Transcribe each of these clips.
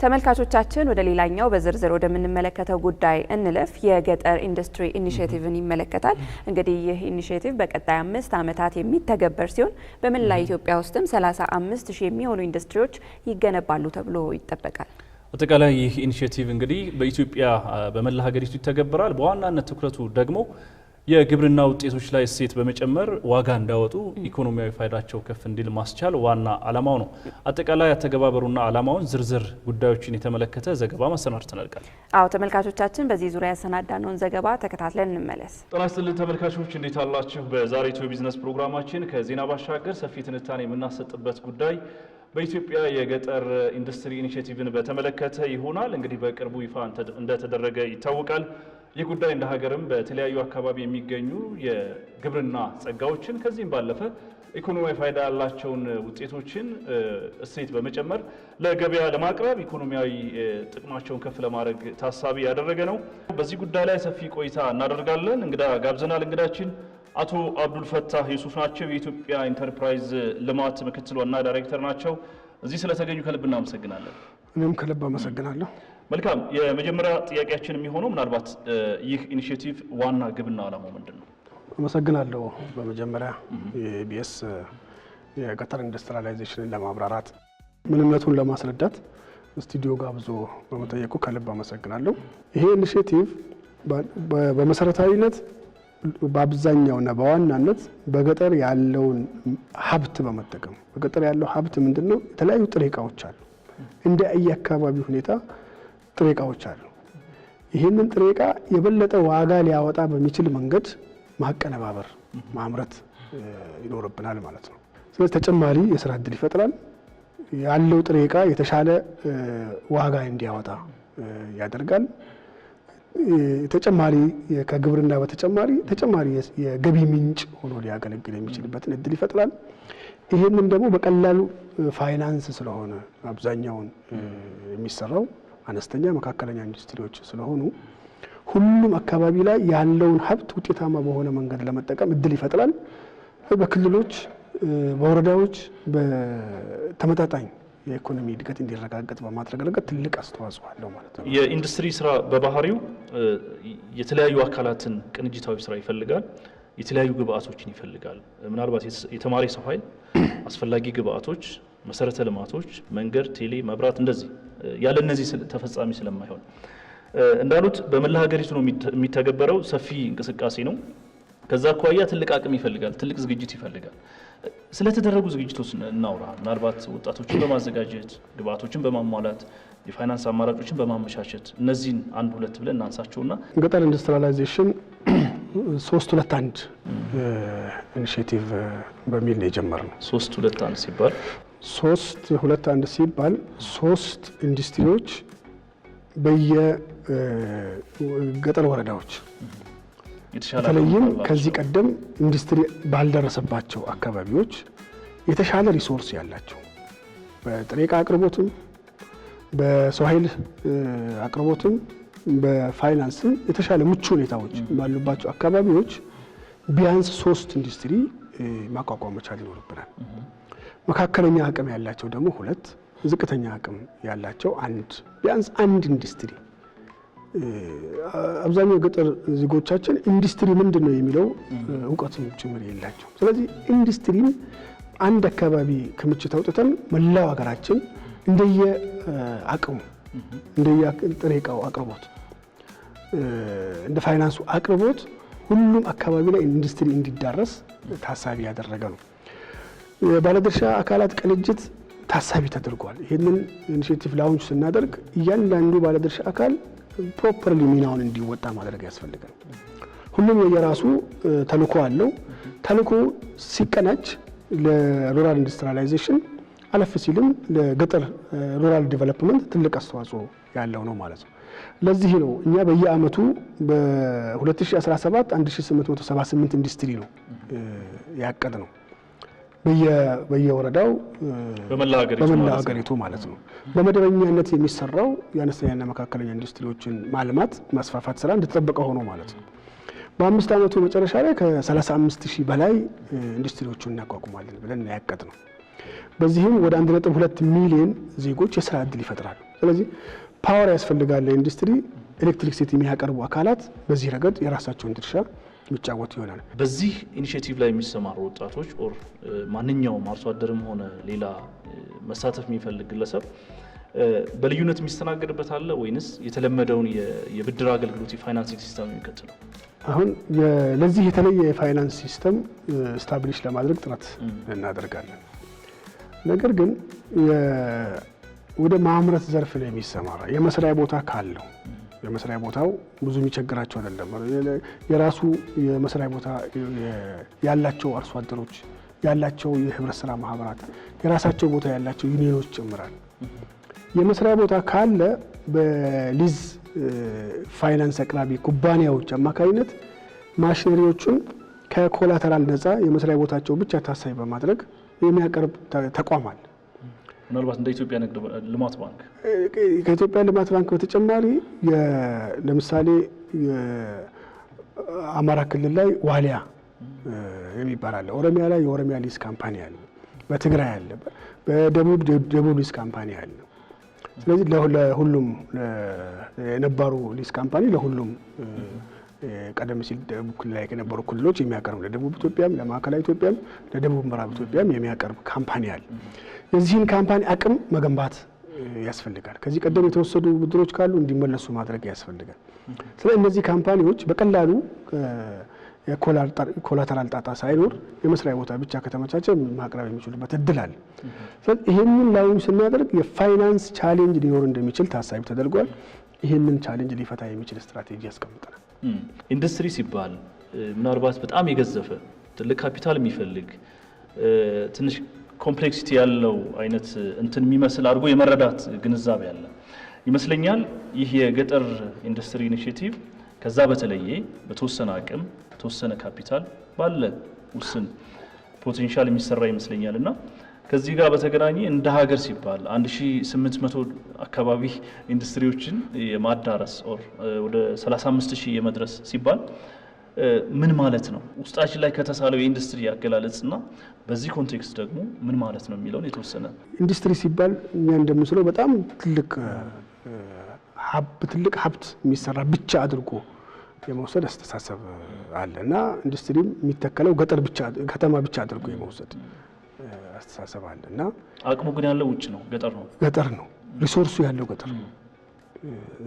ተመልካቾቻችን ወደ ሌላኛው በዝርዝር ወደምንመለከተው ጉዳይ እንለፍ። የገጠር ኢንዱስትሪ ኢኒሽቲቭን ይመለከታል። እንግዲህ ይህ ኢኒሽቲቭ በቀጣይ አምስት ዓመታት የሚተገበር ሲሆን በመላ ኢትዮጵያ ውስጥም 35 ሺህ የሚሆኑ ኢንዱስትሪዎች ይገነባሉ ተብሎ ይጠበቃል። አጠቃላይ ይህ ኢኒሽቲቭ እንግዲህ በኢትዮጵያ በመላ ሀገሪቱ ይተገበራል። በዋናነት ትኩረቱ ደግሞ የግብርና ውጤቶች ላይ እሴት በመጨመር ዋጋ እንዳወጡ ኢኮኖሚያዊ ፋይዳቸው ከፍ እንዲል ማስቻል ዋና ዓላማው ነው። አጠቃላይ አተገባበሩና ዓላማውን ዝርዝር ጉዳዮችን የተመለከተ ዘገባ ማሰናድ ተነልቃል። አዎ፣ ተመልካቾቻችን በዚህ ዙሪያ ያሰናዳነውን ዘገባ ተከታትለን እንመለስ። ጤና ይስጥልን ተመልካቾች፣ እንዴት አላችሁ? በዛሬቱ የቢዝነስ ቢዝነስ ፕሮግራማችን ከዜና ባሻገር ሰፊ ትንታኔ የምናሰጥበት ጉዳይ በኢትዮጵያ የገጠር ኢንዱስትሪ ኢኒሽቲቭን በተመለከተ ይሆናል። እንግዲህ በቅርቡ ይፋ እንደተደረገ ይታወቃል። ይህ ጉዳይ እንደ ሀገርም በተለያዩ አካባቢ የሚገኙ የግብርና ጸጋዎችን ከዚህም ባለፈ ኢኮኖሚያዊ ፋይዳ ያላቸውን ውጤቶችን እሴት በመጨመር ለገበያ ለማቅረብ ኢኮኖሚያዊ ጥቅማቸውን ከፍ ለማድረግ ታሳቢ ያደረገ ነው። በዚህ ጉዳይ ላይ ሰፊ ቆይታ እናደርጋለን። እንግዳ ጋብዘናል። እንግዳችን አቶ አብዱልፈታህ ዩሱፍ ናቸው። የኢትዮጵያ ኢንተርፕራይዝ ልማት ምክትል ዋና ዳይሬክተር ናቸው። እዚህ ስለተገኙ ከልብ እናመሰግናለን። እኔም ከልብ አመሰግናለሁ። መልካም የመጀመሪያ ጥያቄያችን የሚሆነው ምናልባት ይህ ኢኒሽቲቭ ዋና ግብና አላማው ምንድን ነው? አመሰግናለሁ። በመጀመሪያ የኢቢኤስ የገጠር ኢንዱስትሪላይዜሽንን ለማብራራት ምንነቱን ለማስረዳት ስቱዲዮ ጋብዞ በመጠየቁ ከልብ አመሰግናለሁ። ይሄ ኢኒሽቲቭ በመሰረታዊነት በአብዛኛውና በዋናነት በገጠር ያለውን ሀብት በመጠቀም በገጠር ያለው ሀብት ምንድን ነው? የተለያዩ ጥሬ እቃዎች አሉ። እንደ አካባቢ ሁኔታ ጥሬ እቃዎች አሉ። ይህንን ጥሬ እቃ የበለጠ ዋጋ ሊያወጣ በሚችል መንገድ ማቀነባበር፣ ማምረት ይኖርብናል ማለት ነው። ስለዚህ ተጨማሪ የስራ እድል ይፈጥራል። ያለው ጥሬ እቃ የተሻለ ዋጋ እንዲያወጣ ያደርጋል። ተጨማሪ ከግብርና በተጨማሪ ተጨማሪ የገቢ ምንጭ ሆኖ ሊያገለግል የሚችልበትን እድል ይፈጥራል። ይህንም ደግሞ በቀላሉ ፋይናንስ ስለሆነ አብዛኛውን የሚሰራው አነስተኛ፣ መካከለኛ ኢንዱስትሪዎች ስለሆኑ ሁሉም አካባቢ ላይ ያለውን ሀብት ውጤታማ በሆነ መንገድ ለመጠቀም እድል ይፈጥራል። በክልሎች በወረዳዎች በተመጣጣኝ የኢኮኖሚ እድገት እንዲረጋገጥ በማድረግ ረገድ ትልቅ አስተዋጽኦ አለው ማለት ነው። የኢንዱስትሪ ስራ በባህሪው የተለያዩ አካላትን ቅንጅታዊ ስራ ይፈልጋል። የተለያዩ ግብአቶችን ይፈልጋል። ምናልባት የተማሪ ሰው ኃይል አስፈላጊ ግብአቶች መሰረተ ልማቶች መንገድ፣ ቴሌ፣ መብራት እንደዚህ ያለ እነዚህ ተፈጻሚ ስለማይሆን እንዳሉት በመላ ሀገሪቱ ነው የሚተገበረው። ሰፊ እንቅስቃሴ ነው። ከዛ አኳያ ትልቅ አቅም ይፈልጋል፣ ትልቅ ዝግጅት ይፈልጋል። ስለተደረጉ ዝግጅቶች እናውራ። ምናልባት ወጣቶችን በማዘጋጀት ግብዓቶችን በማሟላት የፋይናንስ አማራጮችን በማመቻቸት እነዚህን አንድ ሁለት ብለን እናንሳቸውና ገጠር ኢንዱስትሪላይዜሽን ሶስት ሁለት አንድ ኢኒሽቲቭ በሚል ነው የጀመርነው። ሶስት ሁለት አንድ ሲባል ሶስት ሁለት አንድ ሲባል ሶስት ኢንዱስትሪዎች በየገጠር ወረዳዎች በተለይም ከዚህ ቀደም ኢንዱስትሪ ባልደረሰባቸው አካባቢዎች የተሻለ ሪሶርስ ያላቸው በጥሬ ዕቃ አቅርቦትም በሰው ኃይል አቅርቦትም በፋይናንስም የተሻለ ምቹ ሁኔታዎች ባሉባቸው አካባቢዎች ቢያንስ ሶስት ኢንዱስትሪ ማቋቋም መቻል ይኖርብናል። መካከለኛ አቅም ያላቸው ደግሞ ሁለት፣ ዝቅተኛ አቅም ያላቸው አንድ፣ ቢያንስ አንድ ኢንዱስትሪ። አብዛኛው ገጠር ዜጎቻችን ኢንዱስትሪ ምንድን ነው የሚለው እውቀትም ጭምር የላቸው። ስለዚህ ኢንዱስትሪን አንድ አካባቢ ክምችት አውጥተን መላው ሀገራችን እንደየ አቅሙ እንደየ ጥሬ አቅርቦት እንደ ፋይናንሱ አቅርቦት ሁሉም አካባቢ ላይ ኢንዱስትሪ እንዲዳረስ ታሳቢ ያደረገ ነው። የባለድርሻ አካላት ቅንጅት ታሳቢ ተደርጓል። ይህንን ኢኒሽቲቭ ላውንች ስናደርግ እያንዳንዱ ባለድርሻ አካል ፕሮፐርሊ ሚናውን እንዲወጣ ማድረግ ያስፈልጋል። ሁሉም የየራሱ ተልዕኮ አለው። ተልኮ ሲቀናጅ ለሩራል ኢንዱስትሪላይዜሽን አለፍ ሲልም ለገጠር ሩራል ዲቨሎፕመንት ትልቅ አስተዋጽኦ ያለው ነው ማለት ነው። ለዚህ ነው እኛ በየአመቱ በ2017 1878 ኢንዱስትሪ ነው ያቀድ ነው በየወረዳው በመላ ሀገሪቱ ማለት ነው። በመደበኛነት የሚሰራው የአነስተኛና መካከለኛ ኢንዱስትሪዎችን ማልማት ማስፋፋት ስራ እንደተጠበቀ ሆኖ ማለት ነው። በአምስት ዓመቱ መጨረሻ ላይ ከ35 ሺህ በላይ ኢንዱስትሪዎቹን እናቋቁማለን ብለን ያቀድ ነው። በዚህም ወደ 1.2 ሚሊዮን ዜጎች የስራ እድል ይፈጥራል። ስለዚህ ፓወር ያስፈልጋል ለኢንዱስትሪ ኤሌክትሪክ ሴት የሚያቀርቡ አካላት በዚህ ረገድ የራሳቸውን ድርሻ የሚጫወቱ ይሆናል። በዚህ ኢኒሽቲቭ ላይ የሚሰማሩ ወጣቶች ኦር ማንኛውም አርሶ አደርም ሆነ ሌላ መሳተፍ የሚፈልግ ግለሰብ በልዩነት የሚስተናገድበት አለ ወይንስ የተለመደውን የብድር አገልግሎት የፋይናንሲንግ ሲስተም የሚቀጥለው? አሁን ለዚህ የተለየ የፋይናንስ ሲስተም ስታብሊሽ ለማድረግ ጥረት እናደርጋለን። ነገር ግን ወደ ማምረት ዘርፍ ላይ የሚሰማራ የመስሪያ ቦታ ካለው የመስሪያ ቦታው ብዙ የሚቸግራቸው አይደለም። የራሱ የመስሪያ ቦታ ያላቸው አርሶ አደሮች ያላቸው የህብረት ስራ ማህበራት የራሳቸው ቦታ ያላቸው ዩኒዮኖች ጭምራል። የመስሪያ ቦታ ካለ በሊዝ ፋይናንስ አቅራቢ ኩባንያዎች አማካኝነት ማሽነሪዎቹን ከኮላተራል ነፃ የመስሪያ ቦታቸው ብቻ ታሳቢ በማድረግ የሚያቀርብ ተቋም አለ። ምናልባት እንደ ኢትዮጵያ ንግድ ልማት ባንክ ከኢትዮጵያ ልማት ባንክ በተጨማሪ ለምሳሌ አማራ ክልል ላይ ዋሊያ የሚባል አለ። ኦሮሚያ ላይ የኦሮሚያ ሊስ ካምፓኒ አለ። በትግራይ አለ። በደቡብ ደቡብ ሊስ ካምፓኒ አለ። ስለዚህ ለሁሉም የነባሩ ሊስ ካምፓኒ ለሁሉም ቀደም ሲል ደቡብ ክልል ላይ የነበሩ ክልሎች የሚያቀርብ ለደቡብ ኢትዮጵያም፣ ለማዕከላዊ ኢትዮጵያም፣ ለደቡብ ምዕራብ ኢትዮጵያም የሚያቀርብ ካምፓኒ አለ። የዚህን ካምፓኒ አቅም መገንባት ያስፈልጋል። ከዚህ ቀደም የተወሰዱ ብድሮች ካሉ እንዲመለሱ ማድረግ ያስፈልጋል። ስለዚህ እነዚህ ካምፓኒዎች በቀላሉ ኮላተራል ጣጣ ሳይኖር የመስሪያ ቦታ ብቻ ከተመቻቸ ማቅረብ የሚችሉበት እድል አለ። ስለዚህ ይህንን ላዩም ስናደርግ የፋይናንስ ቻሌንጅ ሊኖር እንደሚችል ታሳቢ ተደርጓል። ይህንን ቻሌንጅ ሊፈታ የሚችል ስትራቴጂ ያስቀምጠናል። ኢንዱስትሪ ሲባል ምናልባት በጣም የገዘፈ ትልቅ ካፒታል የሚፈልግ ትንሽ ኮምፕሌክሲቲ ያለው አይነት እንትን የሚመስል አድርጎ የመረዳት ግንዛቤ አለ ይመስለኛል። ይህ የገጠር ኢንዱስትሪ ኢኒሽቲቭ ከዛ በተለየ በተወሰነ አቅም በተወሰነ ካፒታል ባለ ውስን ፖቴንሻል የሚሰራ ይመስለኛል እና ከዚህ ጋር በተገናኘ እንደ ሀገር ሲባል 1800 አካባቢ ኢንዱስትሪዎችን የማዳረስ ኦር ወደ 35000 የመድረስ ሲባል ምን ማለት ነው ውስጣችን ላይ ከተሳለው የኢንዱስትሪ አገላለጽ እና በዚህ ኮንቴክስት ደግሞ ምን ማለት ነው የሚለውን የተወሰነ ኢንዱስትሪ ሲባል እኛ እንደምስለው በጣም ትልቅ ትልቅ ሀብት የሚሰራ ብቻ አድርጎ የመውሰድ አስተሳሰብ አለ እና ኢንዱስትሪም የሚተከለው ገጠር ብቻ ከተማ ብቻ አድርጎ የመውሰድ አስተሳሰብ አለ እና አቅሙ ግን ያለው ውጭ ነው፣ ገጠር ነው። ገጠር ነው ሪሶርሱ ያለው ገጠር ነው።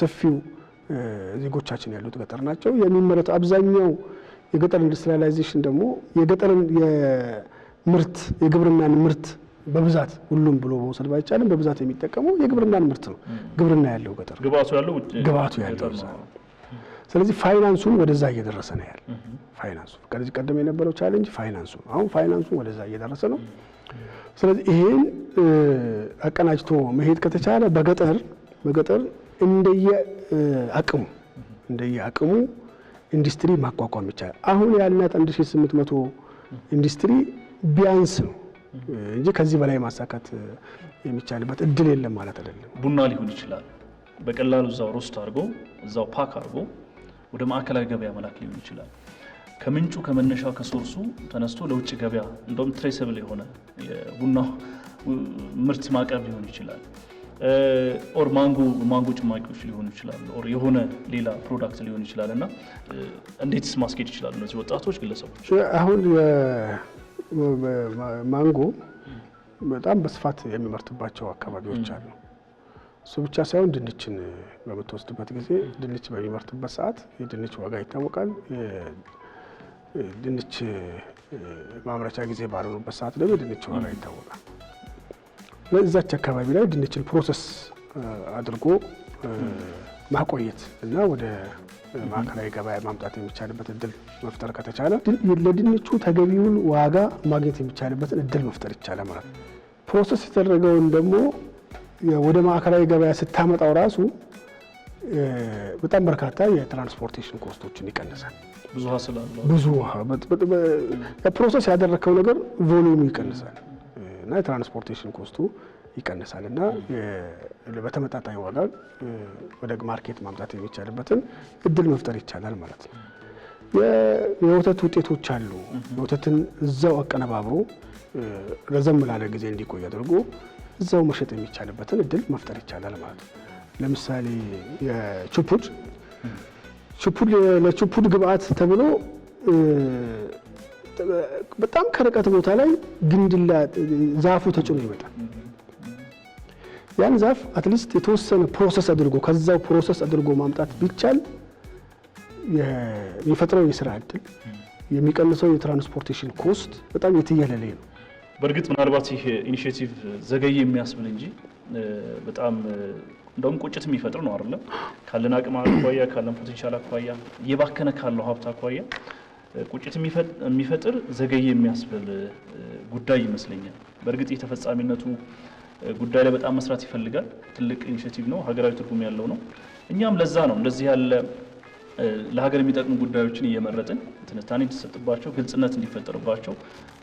ሰፊው ዜጎቻችን ያሉት ገጠር ናቸው። የሚመረቱ አብዛኛው የገጠር ኢንዱስትሪያላይዜሽን ደግሞ የገጠርን የምርት የግብርናን ምርት በብዛት ሁሉም ብሎ መውሰድ ባይቻልም በብዛት የሚጠቀመው የግብርናን ምርት ነው። ግብርና ያለው ገጠር ግብአቱ ያለው ስለዚህ ፋይናንሱን ወደዛ እየደረሰ ነው ያለ ፋይናንሱ ከዚህ ቀደም የነበረው ቻሌንጅ ፋይናንሱ አሁን ፋይናንሱን ወደዛ እየደረሰ ነው። ስለዚህ ይሄን አቀናጅቶ መሄድ ከተቻለ በገጠር በገጠር እንደየ አቅሙ እንደየ አቅሙ ኢንዱስትሪ ማቋቋም ይቻላል። አሁን ያልናት 1800 ኢንዱስትሪ ቢያንስ ነው እንጂ ከዚህ በላይ ማሳካት የሚቻልበት እድል የለም ማለት አይደለም። ቡና ሊሆን ይችላል በቀላሉ እዛው ሮስት አድርጎ እዛው ፓክ አድርጎ ወደ ማዕከላዊ ገበያ መላክ ሊሆን ይችላል። ከምንጩ ከመነሻው ከሶርሱ ተነስቶ ለውጭ ገበያ እንደውም ትሬሰብል የሆነ የቡና ምርት ማቅረብ ሊሆን ይችላል። ኦር ማንጎ ማንጎ ጭማቂዎች ሊሆኑ ይችላሉ። ኦር የሆነ ሌላ ፕሮዳክት ሊሆን ይችላል እና እንዴትስ ማስኬድ ይችላሉ እነዚህ ወጣቶች ግለሰቦች? አሁን ማንጎ በጣም በስፋት የሚመርትባቸው አካባቢዎች አሉ። እሱ ብቻ ሳይሆን ድንችን በምትወስድበት ጊዜ ድንች በሚመርትበት ሰዓት የድንች ዋጋ ይታወቃል። ድንች ማምረቻ ጊዜ ባልሆኑበት ሰዓት ደግሞ የድንች ዋጋ ይታወቃል። በዛች አካባቢ ላይ ድንችን ፕሮሰስ አድርጎ ማቆየት እና ወደ ማዕከላዊ ገበያ ማምጣት የሚቻልበት እድል መፍጠር ከተቻለ ለድንቹ ተገቢውን ዋጋ ማግኘት የሚቻልበትን እድል መፍጠር ይቻላል ማለት ነው። ፕሮሰስ የተደረገውን ደግሞ ወደ ማዕከላዊ ገበያ ስታመጣው ራሱ በጣም በርካታ የትራንስፖርቴሽን ኮስቶችን ይቀንሳል። ብዙ ፕሮሰስ ያደረከው ነገር ቮሉም ይቀንሳል። እና የትራንስፖርቴሽን ኮስቱ ይቀንሳል እና በተመጣጣኝ ዋጋ ወደ ማርኬት ማምጣት የሚቻልበትን እድል መፍጠር ይቻላል ማለት ነው። የወተት ውጤቶች አሉ። ወተትን እዛው አቀነባብሮ ረዘም ላለ ጊዜ እንዲቆይ አድርጎ እዛው መሸጥ የሚቻልበትን እድል መፍጠር ይቻላል ማለት ነው። ለምሳሌ ቹፑድ ለቹፑድ ግብአት ተብሎ በጣም ከርቀት ቦታ ላይ ግንድላ ዛፉ ተጭኖ ይመጣል። ያን ዛፍ አትሊስት የተወሰነ ፕሮሰስ አድርጎ ከዛው ፕሮሰስ አድርጎ ማምጣት ቢቻል የሚፈጥረው የስራ እድል የሚቀንሰው የትራንስፖርቴሽን ኮስት በጣም የትየለሌ ነው። በእርግጥ ምናልባት ይህ ኢኒሽቲቭ ዘገይ የሚያስብል እንጂ በጣም እንደውም ቁጭት የሚፈጥር ነው አይደለም? ካለን አቅም አኳያ፣ ካለን ፖቴንሻል አኳያ፣ እየባከነ ካለው ሀብት አኳያ ቁጭት የሚፈጥር ዘገየ የሚያስብል ጉዳይ ይመስለኛል። በእርግጥ ተፈጻሚነቱ ጉዳይ ላይ በጣም መስራት ይፈልጋል። ትልቅ ኢኒሽቲቭ ነው፣ ሀገራዊ ትርጉም ያለው ነው። እኛም ለዛ ነው እንደዚህ ያለ ለሀገር የሚጠቅሙ ጉዳዮችን እየመረጥን ትንታኔ እንዲሰጥባቸው፣ ግልጽነት እንዲፈጠርባቸው፣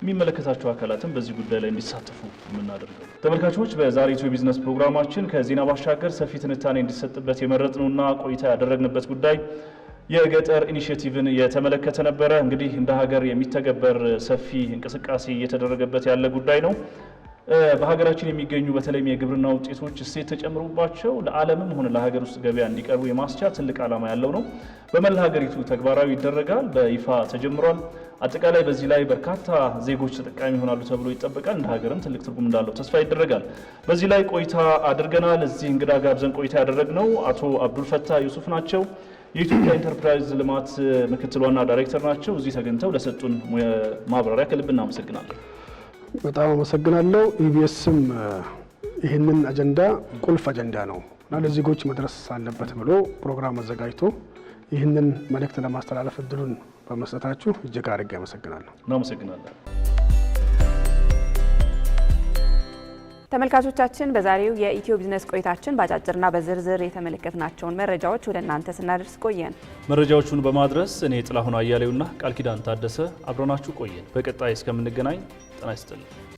የሚመለከታቸው አካላትም በዚህ ጉዳይ ላይ እንዲሳተፉ የምናደርገው። ተመልካቾች በዛሬቱ የቢዝነስ ፕሮግራማችን ከዜና ባሻገር ሰፊ ትንታኔ እንዲሰጥበት የመረጥነውና ቆይታ ያደረግንበት ጉዳይ የገጠር ኢኒሽቲቭን የተመለከተ ነበረ። እንግዲህ እንደ ሀገር የሚተገበር ሰፊ እንቅስቃሴ እየተደረገበት ያለ ጉዳይ ነው። በሀገራችን የሚገኙ በተለይም የግብርና ውጤቶች እሴት ተጨምሮባቸው ለዓለምም ሆነ ለሀገር ውስጥ ገበያ እንዲቀርቡ የማስቻል ትልቅ ዓላማ ያለው ነው። በመላ ሀገሪቱ ተግባራዊ ይደረጋል፣ በይፋ ተጀምሯል። አጠቃላይ በዚህ ላይ በርካታ ዜጎች ተጠቃሚ ይሆናሉ ተብሎ ይጠበቃል። እንደ ሀገርም ትልቅ ትርጉም እንዳለው ተስፋ ይደረጋል። በዚህ ላይ ቆይታ አድርገናል። እዚህ እንግዳ ጋብዘን ቆይታ ያደረግነው አቶ አብዱልፈታ ዩሱፍ ናቸው። የኢትዮጵያ ኢንተርፕራይዝ ልማት ምክትል ዋና ዳይሬክተር ናቸው። እዚህ ተገኝተው ለሰጡን ማብራሪያ ከልብ እናመሰግናለን። በጣም አመሰግናለሁ። ኢቢኤስም ይህንን አጀንዳ ቁልፍ አጀንዳ ነው እና ለዜጎች መድረስ አለበት ብሎ ፕሮግራም አዘጋጅቶ ይህንን መልእክት ለማስተላለፍ እድሉን በመስጠታችሁ እጅግ አድርጌ አመሰግናለሁ። እናመሰግናለን። ተመልካቾቻችን በዛሬው የኢትዮ ቢዝነስ ቆይታችን በአጫጭርና በዝርዝር የተመለከትናቸውን መረጃዎች ወደ እናንተ ስናደርስ ቆየን። መረጃዎቹን በማድረስ እኔ ጥላሁን አያሌውና ቃል ኪዳን ታደሰ አብረናችሁ ቆየን። በቀጣይ እስከምንገናኝ ጤና ይስጥልን።